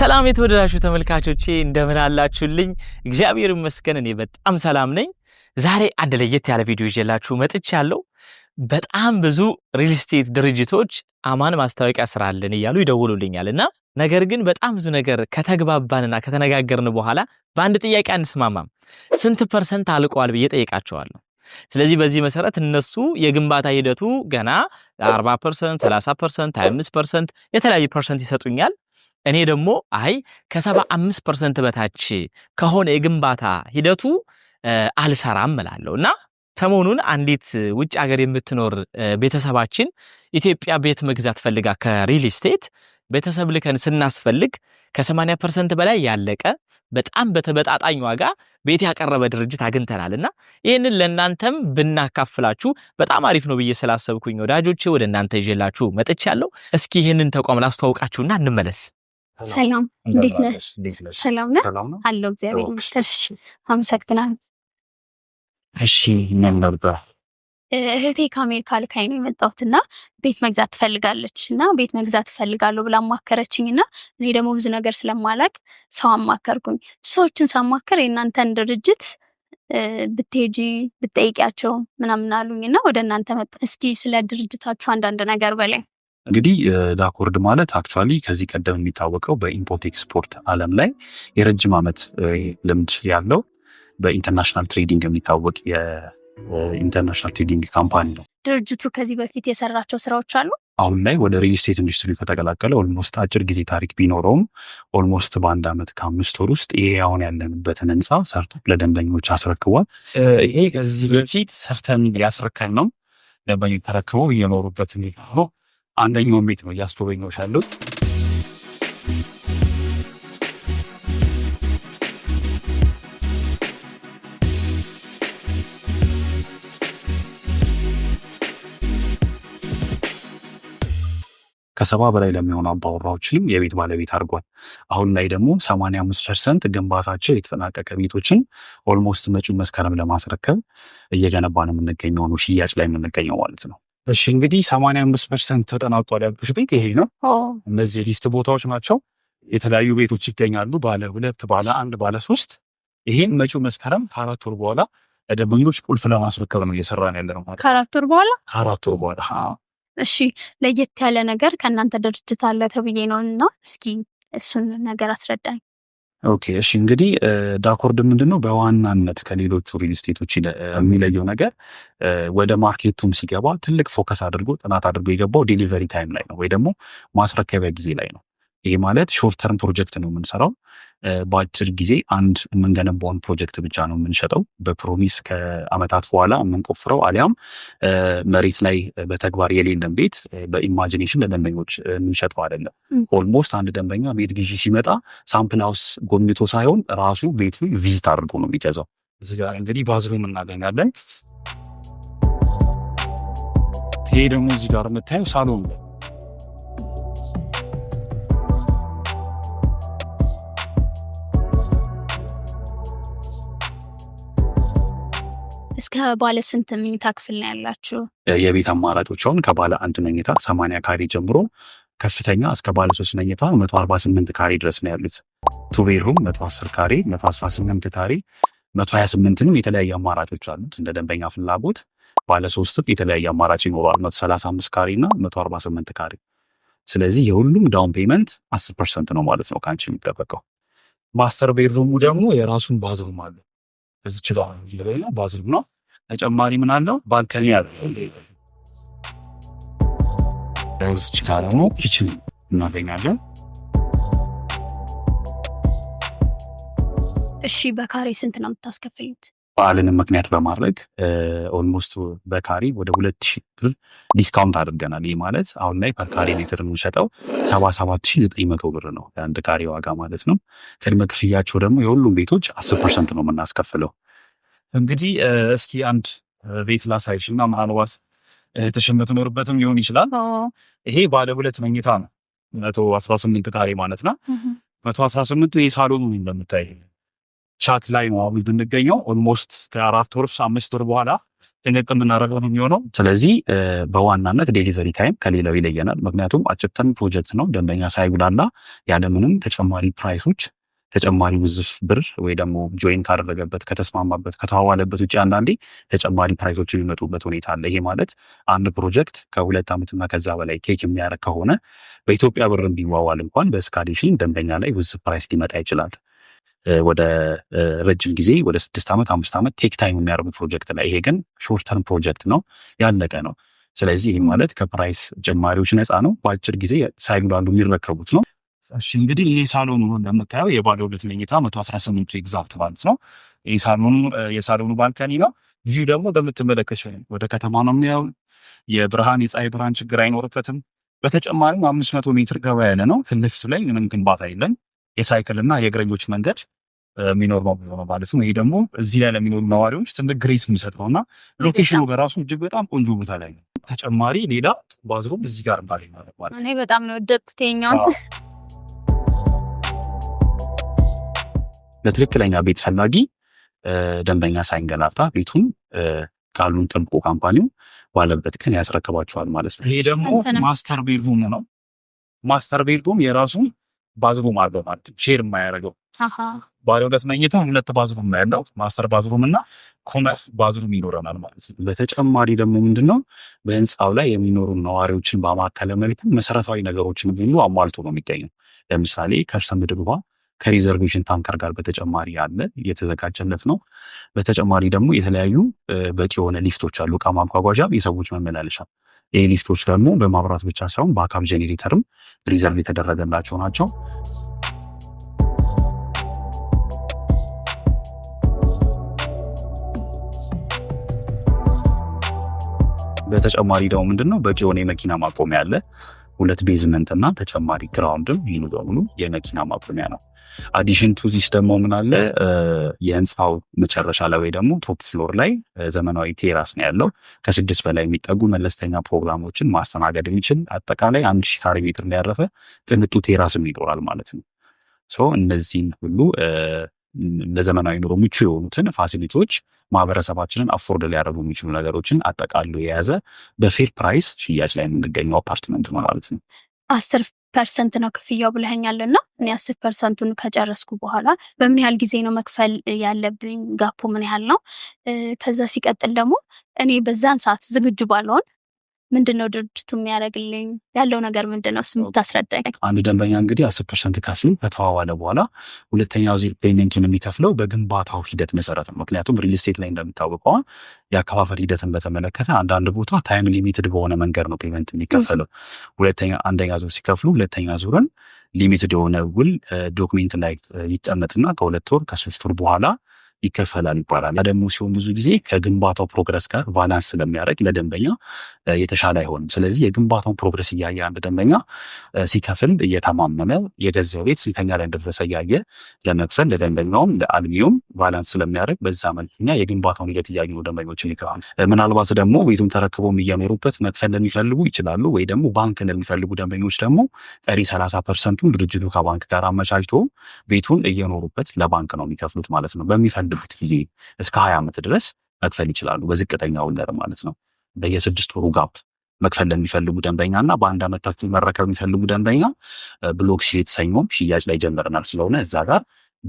ሰላም የተወደዳችሁ ተመልካቾቼ እንደምን አላችሁልኝ? እግዚአብሔር ይመስገን እኔ በጣም ሰላም ነኝ። ዛሬ አንድ ለየት ያለ ቪዲዮ ይዤላችሁ መጥቻለሁ። በጣም ብዙ ሪል ስቴት ድርጅቶች አማን ማስታወቂያ ስራልን እያሉ ይደውሉልኛል እና ነገር ግን በጣም ብዙ ነገር ከተግባባንና ከተነጋገርን በኋላ በአንድ ጥያቄ አንስማማም። ስንት ፐርሰንት አልቀዋል ብዬ ጠይቃቸዋለሁ። ስለዚህ በዚህ መሰረት እነሱ የግንባታ ሂደቱ ገና 40 ፐርሰንት፣ 30 ፐርሰንት፣ 25 ፐርሰንት የተለያዩ ፐርሰንት ይሰጡኛል። እኔ ደግሞ አይ ከ75 ፐርሰንት በታች ከሆነ የግንባታ ሂደቱ አልሰራም እላለሁ እና ሰሞኑን አንዲት ውጭ ሀገር የምትኖር ቤተሰባችን ኢትዮጵያ ቤት መግዛት ፈልጋ ከሪል ስቴት ቤተሰብ ልከን ስናስፈልግ ከ80 ፐርሰንት በላይ ያለቀ በጣም በተመጣጣኝ ዋጋ ቤት ያቀረበ ድርጅት አግኝተናል እና ይህንን ለእናንተም ብናካፍላችሁ በጣም አሪፍ ነው ብዬ ስላሰብኩኝ ወዳጆቼ ወደ እናንተ ይዤላችሁ መጥቻለሁ። እስኪ ይህንን ተቋም ላስተዋውቃችሁና እንመለስ። ሰላም እንዴት ነሽ? ሰላም ነህ? አለሁ እግዚአብሔር ይመስገን። እሺ አመሰግናለሁ። እሺ ነበር? እህቴ ከአሜሪካ ልካኝ ነው የመጣሁት እና ቤት መግዛት ትፈልጋለች እና ቤት መግዛት ትፈልጋለሁ ብላ አማከረችኝ እና እኔ ደግሞ ብዙ ነገር ስለማላቅ ሰው አማከርኩኝ። ሰዎችን ሳማከር የእናንተን ድርጅት ብትሄጂ ብትጠይቂያቸው ምናምን አሉኝ እና ወደ እናንተ መጣ። እስኪ ስለ ድርጅታችሁ አንዳንድ ነገር በላይ እንግዲህ ዳኮርድ ማለት አክቹዋሊ ከዚህ ቀደም የሚታወቀው በኢምፖርት ኤክስፖርት ዓለም ላይ የረጅም ዓመት ልምድ ያለው በኢንተርናሽናል ትሬዲንግ የሚታወቅ የኢንተርናሽናል ትሬዲንግ ካምፓኒ ነው። ድርጅቱ ከዚህ በፊት የሰራቸው ስራዎች አሉ። አሁን ላይ ወደ ሪል ስቴት ኢንዱስትሪ ከተቀላቀለ ኦልሞስት አጭር ጊዜ ታሪክ ቢኖረውም ኦልሞስት በአንድ ዓመት ከአምስት ወር ውስጥ ይሄ አሁን ያለንበትን ህንፃ ሰርቶ ለደንበኞች አስረክቧል። ይሄ ከዚህ በፊት ሰርተን ያስረከን ነው። ደንበኞች ተረክበው እየኖሩበት ነው አንደኛውን ቤት ነው እያስጎበኘሁሽ ያለሁት። ከሰባ በላይ ለሚሆኑ አባወራዎችንም የቤት ባለቤት አድርጓል። አሁን ላይ ደግሞ 85 ፐርሰንት ግንባታቸው የተጠናቀቀ ቤቶችን ኦልሞስት መጪው መስከረም ለማስረከብ እየገነባ ነው የምንገኘው ነው ሽያጭ ላይ የምንገኘው ማለት ነው። እሺ እንግዲህ ሰማንያ አምስት ፐርሰንት ተጠናቋል ያልኩሽ ቤት ይሄ ነው። እነዚህ ሊስት ቦታዎች ናቸው። የተለያዩ ቤቶች ይገኛሉ። ባለ ሁለት፣ ባለ አንድ፣ ባለ ሶስት። ይሄን መጪው መስከረም ከአራት ወር በኋላ ለደንበኞች ቁልፍ ለማስረከብ ነው እየሰራ ነው ያለነው ማለት ከአራት ወር በኋላ ከአራት ወር በኋላ። እሺ ለየት ያለ ነገር ከእናንተ ድርጅት አለ ተብዬ ነው እና እስኪ እሱን ነገር አስረዳኝ። ኦኬ እሺ እንግዲህ ዳኮርድ ምንድነው በዋናነት ከሌሎቹ ሪል ስቴቶች የሚለየው ነገር ወደ ማርኬቱም ሲገባ ትልቅ ፎከስ አድርጎ ጥናት አድርጎ የገባው ዴሊቨሪ ታይም ላይ ነው ወይ ደግሞ ማስረከቢያ ጊዜ ላይ ነው። ይህ ማለት ሾርት ተርም ፕሮጀክት ነው የምንሰራው በአጭር ጊዜ አንድ የምንገነባውን ፕሮጀክት ብቻ ነው የምንሸጠው። በፕሮሚስ ከአመታት በኋላ የምንቆፍረው አሊያም መሬት ላይ በተግባር የሌለን ቤት በኢማጂኔሽን ለደንበኞች የምንሸጠው አይደለም። ኦልሞስት አንድ ደንበኛ ቤት ግዢ ሲመጣ ሳምፕል ሃውስ ጎብኝቶ ሳይሆን ራሱ ቤት ቪዚት አድርጎ ነው የሚገዛው። እዚህ እንግዲህ ባዝሩም እናገኛለን። ይሄ ደግሞ እዚህ ጋር የምታየው ሳሎን ነው። እስከ ባለ ስንት መኝታ ክፍል ነው ያላችሁ? የቤት አማራጮች አሁን ከባለ አንድ መኝታ ሰማንያ ካሬ ጀምሮ ከፍተኛ እስከ ባለ ሶስት መኝታ መቶ አርባ ስምንት ካሬ ድረስ ነው ያሉት። ቱ ቤድሩም መቶ አስር ካሬ፣ መቶ አስራ ስምንት ካሬ፣ መቶ ሀያ ስምንትንም የተለያዩ አማራጮች አሉት እንደ ደንበኛ ፍላጎት። ባለ ሶስትም የተለያዩ አማራጭ ይኖረዋል መቶ ሰላሳ አምስት ካሬ እና መቶ አርባ ስምንት ካሬ። ስለዚህ የሁሉም ዳውን ፔመንት አስር ፐርሰንት ነው ማለት ነው ከአንቺ የሚጠበቀው። ማስተር ቤድሩሙ ደግሞ የራሱን ባዝሩም አለ እዚች ነው። ተጨማሪ ምን አለው? ባልከኒ እዚች ጋር ደግሞ ኪችን እናገኛለን። እሺ፣ በካሬ ስንት ነው የምታስከፍሉት? በዓልንም ምክንያት በማድረግ ኦልሞስት በካሪ ወደ ሁለት ሺ ብር ዲስካውንት አድርገናል። ይህ ማለት አሁን ላይ ካሪ ሜትር የምንሸጠው ሰባ ሰባት ሺ ዘጠኝ መቶ ብር ነው የአንድ ካሪ ዋጋ ማለት ነው። ቅድመ ክፍያቸው ደግሞ የሁሉም ቤቶች አስር ፐርሰንት ነው የምናስከፍለው። እንግዲህ እስኪ አንድ ቤት ላሳይሽ እና ምናልባት እህትሽም ትኖርበትም ሊሆን ይችላል። ይሄ ባለ ሁለት መኝታ ነው መቶ አስራ ስምንት ካሬ ማለት ነው። መቶ አስራ ስምንቱ ይህ ሳሎኑ እንደምታይ ቻት ላይ ነው አሁን ብንገኘው ኦልሞስት ከአራት ወር አምስት ወር በኋላ ጥንቅቅ የምናደርገው ነው የሚሆነው። ስለዚህ በዋናነት ዴሊቨሪ ታይም ከሌላው ይለየናል። ምክንያቱም አጭርተን ፕሮጀክት ነው፣ ደንበኛ ሳይጉላላ ያለምንም ተጨማሪ ፕራይሶች ተጨማሪ ውዝፍ ብር ወይ ደግሞ ጆይን ካደረገበት ከተስማማበት ከተዋዋለበት ውጭ አንዳንዴ ተጨማሪ ፕራይሶች የሚመጡበት ሁኔታ አለ። ይሄ ማለት አንድ ፕሮጀክት ከሁለት ዓመትና ከዛ በላይ ኬክ የሚያደርግ ከሆነ በኢትዮጵያ ብር ቢዋዋል እንኳን በስካዴሽን ደንበኛ ላይ ውዝፍ ፕራይስ ሊመጣ ይችላል። ወደ ረጅም ጊዜ ወደ ስድስት ዓመት አምስት ዓመት ቴክ ታይም የሚያደርጉ ፕሮጀክት ላይ ይሄ ግን ሾርተርም ፕሮጀክት ነው፣ ያለቀ ነው። ስለዚህ ይህ ማለት ከፕራይስ ጭማሪዎች ነፃ ነው። በአጭር ጊዜ ሳይጉላሉ የሚረከቡት ነው። እሺ እንግዲህ ይህ ሳሎኑ እንደምታየው የባለ ሁለት መኝታ መቶ አስራ ስምንቱ ኤግዛክት ማለት ነው። የሳሎኑ የሳሎኑ ባልካኒ ነው። ቪው ደግሞ እንደምትመለከች ወደ ከተማ ነው የሚያው የብርሃን የፀሐይ ብርሃን ችግር አይኖርበትም። በተጨማሪም አምስት መቶ ሜትር ገባ ያለ ነው። ፊት ለፊቱ ላይ ምንም ግንባታ የለም። የሳይክልና የእግረኞች መንገድ የሚኖር ነው የሚሆነው ማለት ነው። ይሄ ደግሞ እዚህ ላይ ለሚኖሩ ነዋሪዎች ትልቅ ግሬስ የሚሰጥ ነው እና ሎኬሽኑ በራሱ እጅግ በጣም ቆንጆ ቦታ ላይ ነው። ተጨማሪ ሌላ ባዝሩም እዚህ ጋር እንዳለኝ ማለት ነው። እኔ በጣም ነው ወደድኩት የኛውን ለትክክለኛ ቤት ፈላጊ ደንበኛ ሳይንገላታ ቤቱን ቃሉን ጠብቆ ካምፓኒው ባለበት ቀን ያስረክባቸዋል ማለት ነው። ይሄ ደግሞ ማስተር ቤድሩም ነው። ማስተር ቤድሩም የራሱን ባዝሩም አለው ማለት ሼር የማያደርገው ባለ ሁለት መኝታ ሁለት ባዝሩም ነው ያለው። ማስተር ባዝሩም እና ኮመን ባዝሩም ይኖረናል ማለት ነው። በተጨማሪ ደግሞ ምንድን ነው በህንፃው ላይ የሚኖሩ ነዋሪዎችን በማካከለ መልኩ መሰረታዊ ነገሮችን ሁሉ አሟልቶ ነው የሚገኘው። ለምሳሌ ከርሰ ምድር ውሃ ከሪዘርቬሽን ታንከር ጋር በተጨማሪ ያለ እየተዘጋጀለት ነው። በተጨማሪ ደግሞ የተለያዩ በቂ የሆነ ሊፍቶች አሉ፣ እቃ ማጓጓዣ፣ የሰዎች መመላለሻ ይህ ሊፍቶች ደግሞ በማብራት ብቻ ሳይሆን በአካም ጄኔሬተርም ሪዘርቭ የተደረገላቸው ናቸው። በተጨማሪ ደግሞ ምንድነው በቂ የሆነ የመኪና ማቆሚያ አለ። ሁለት ቤዝመንት እና ተጨማሪ ግራውንድም ሙሉ በሙሉ የመኪና ማቆሚያ ነው። አዲሽን ቱ ዚስ ደግሞ ምን የህንፃው መጨረሻ ላይ ወይ ደግሞ ቶፕ ፍሎር ላይ ዘመናዊ ቴራስ ነው ያለው። ከስድስት በላይ የሚጠጉ መለስተኛ ፕሮግራሞችን ማስተናገድ የሚችል አጠቃላይ አንድ ሺ ካሬ ሜትር ላይ ቅንጡ ቴራስም ይኖራል ማለት ነው። እነዚህን ሁሉ ለዘመናዊ ኑሮ ምቹ የሆኑትን ፋሲሊቲዎች ማህበረሰባችንን አፎርድ ሊያደርጉ የሚችሉ ነገሮችን አጠቃሉ የያዘ በፌር ፕራይስ ሽያጭ ላይ የምንገኘው አፓርትመንት ነው ማለት ነው። አስር ፐርሰንት ነው ክፍያው ብለኸኛል እና እኔ አስር ፐርሰንቱን ከጨረስኩ በኋላ በምን ያህል ጊዜ ነው መክፈል ያለብኝ? ጋፑ ምን ያህል ነው? ከዛ ሲቀጥል ደግሞ እኔ በዛን ሰዓት ዝግጁ ባለውን ምንድን ነው ድርጅቱ የሚያደርግልኝ ያለው ነገር ምንድን ነው ታስረዳኝ። አንድ ደንበኛ እንግዲህ አስር ፐርሰንት ከፍሎ ከተዋዋለ በኋላ ሁለተኛ ዙር ፔይመንቱን የሚከፍለው በግንባታው ሂደት መሰረት ነው። ምክንያቱም ሪል ስቴት ላይ እንደሚታወቀው የአከፋፈል ሂደትን በተመለከተ አንዳንድ ቦታ ታይም ሊሚትድ በሆነ መንገድ ነው ፔይመንት የሚከፈለው። ሁለተኛ አንደኛ ዙር ሲከፍሉ ሁለተኛ ዙርን ሊሚትድ የሆነ ውል ዶክሜንት ላይ ይቀመጥና ከሁለት ወር ከሶስት ወር በኋላ ይከፈላል ይባላል። ደግሞ ሲሆን ብዙ ጊዜ ከግንባታው ፕሮግረስ ጋር ቫላንስ ስለሚያደርግ ለደንበኛ የተሻለ አይሆንም። ስለዚህ የግንባታውን ፕሮግረስ እያየ አንድ ደንበኛ ሲከፍል እየተማመነ የገዘ ቤት ስንተኛ ላይ እንደደረሰ እያየ ለመክፈል ለደንበኛውም ለአልሚውም ቫላንስ ስለሚያደርግ በዛ መልክኛ እኛ የግንባታውን ሂደት እያዩ ነው ደንበኞችን ይከፋል። ምናልባት ደግሞ ቤቱን ተረክቦ እየኖሩበት መክፈል ለሚፈልጉ ይችላሉ። ወይ ደግሞ ባንክ ለሚፈልጉ ደንበኞች ደግሞ ቀሪ ሰላሳ ፐርሰንቱን ድርጅቱ ከባንክ ጋር አመቻችቶ ቤቱን እየኖሩበት ለባንክ ነው የሚከፍሉት ማለት ነው በሚፈል በሚያሳድጉት ጊዜ እስከ ሀያ ዓመት ድረስ መክፈል ይችላሉ። በዝቅተኛ ወለድ ማለት ነው። በየስድስት ወሩ ጋፕ መክፈል ለሚፈልጉ ደንበኛ እና በአንድ ዓመት ተኩል መረከብ የሚፈልጉ ደንበኛ ብሎክ ሲ የተሰኘውም ሽያጭ ላይ ጀምረናል ስለሆነ እዛ ጋር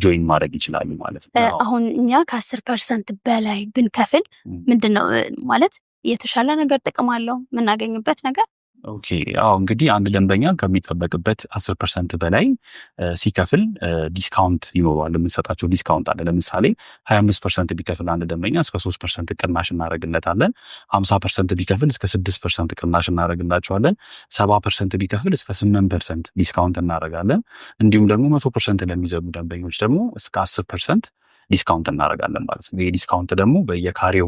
ጆይን ማድረግ ይችላሉ ማለት ነው። አሁን እኛ ከአስር ፐርሰንት በላይ ብንከፍል ምንድን ነው ማለት የተሻለ ነገር ጥቅም አለው የምናገኝበት ነገር ኦኬ አዎ እንግዲህ አንድ ደንበኛ ከሚጠበቅበት አስር ፐርሰንት በላይ ሲከፍል ዲስካውንት ይኖረዋል የምንሰጣቸው ዲስካውንት አለ። ለምሳሌ ሀያ አምስት ፐርሰንት ቢከፍል አንድ ደንበኛ እስከ ሶስት ፐርሰንት ቅናሽ እናደርግለታለን። ሀምሳ ፐርሰንት ቢከፍል እስከ ስድስት ፐርሰንት ቅናሽ እናደረግላቸዋለን። ሰባ ፐርሰንት ቢከፍል እስከ ስምንት ፐርሰንት ዲስካውንት እናደረጋለን። እንዲሁም ደግሞ መቶ ፐርሰንት ለሚዘጉ ደንበኞች ደግሞ እስከ አስር ፐርሰንት ዲስካውንት እናደርጋለን ማለት ነው። ይህ ዲስካውንት ደግሞ በየካሬው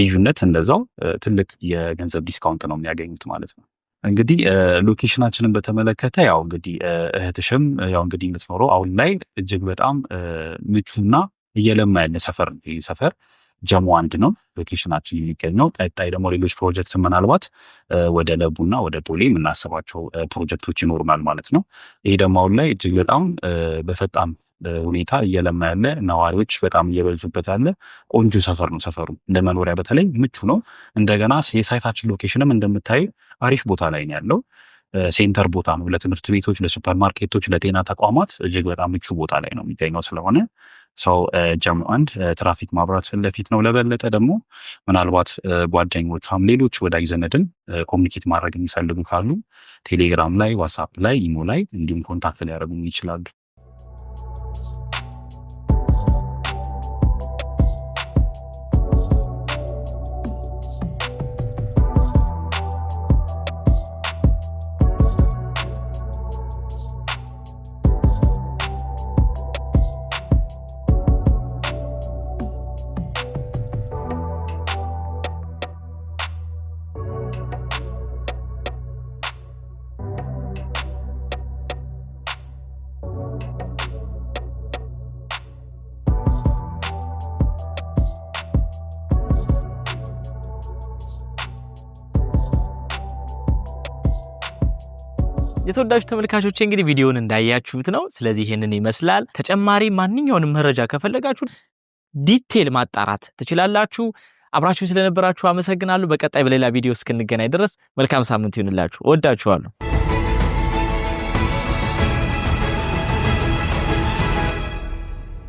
ልዩነት እንደዛው ትልቅ የገንዘብ ዲስካውንት ነው የሚያገኙት ማለት ነው። እንግዲህ ሎኬሽናችንን በተመለከተ ያው እንግዲህ እህትሽም ያው እንግዲህ የምትኖረው አሁን ላይ እጅግ በጣም ምቹና እየለማ ያለ ሰፈር ይህ ሰፈር ጀሞ አንድ ነው ሎኬሽናችን የሚገኘው። ቀጣይ ደግሞ ሌሎች ፕሮጀክት ምናልባት ወደ ለቡና ወደ ቦሌ የምናስባቸው ፕሮጀክቶች ይኖሩናል ማለት ነው። ይሄ ደግሞ አሁን ላይ እጅግ በጣም በፈጣም ሁኔታ እየለማ ያለ ነዋሪዎች በጣም እየበዙበት ያለ ቆንጆ ሰፈር ነው። ሰፈሩ እንደ መኖሪያ በተለይ ምቹ ነው። እንደገና የሳይታችን ሎኬሽንም እንደምታዩ አሪፍ ቦታ ላይ ነው ያለው። ሴንተር ቦታ ነው። ለትምህርት ቤቶች፣ ለሱፐር ማርኬቶች፣ ለጤና ተቋማት እጅግ በጣም ምቹ ቦታ ላይ ነው የሚገኘው ስለሆነ ሰው ጀምሮ አንድ ትራፊክ ማብራት ፊት ለፊት ነው። ለበለጠ ደግሞ ምናልባት ጓደኞቿም ሌሎች ወዳጅ ዘመድን ኮሚኒኬት ማድረግ የሚፈልጉ ካሉ ቴሌግራም ላይ፣ ዋትሳፕ ላይ፣ ኢሞ ላይ እንዲሁም ኮንታክት ሊያደርጉ ይችላሉ። የተወዳጅ ተመልካቾች እንግዲህ ቪዲዮውን እንዳያችሁት ነው። ስለዚህ ይህንን ይመስላል። ተጨማሪ ማንኛውንም መረጃ ከፈለጋችሁ ዲቴል ማጣራት ትችላላችሁ። አብራችሁን ስለነበራችሁ አመሰግናለሁ። በቀጣይ በሌላ ቪዲዮ እስክንገናኝ ድረስ መልካም ሳምንት ይሁንላችሁ። እወዳችኋለሁ።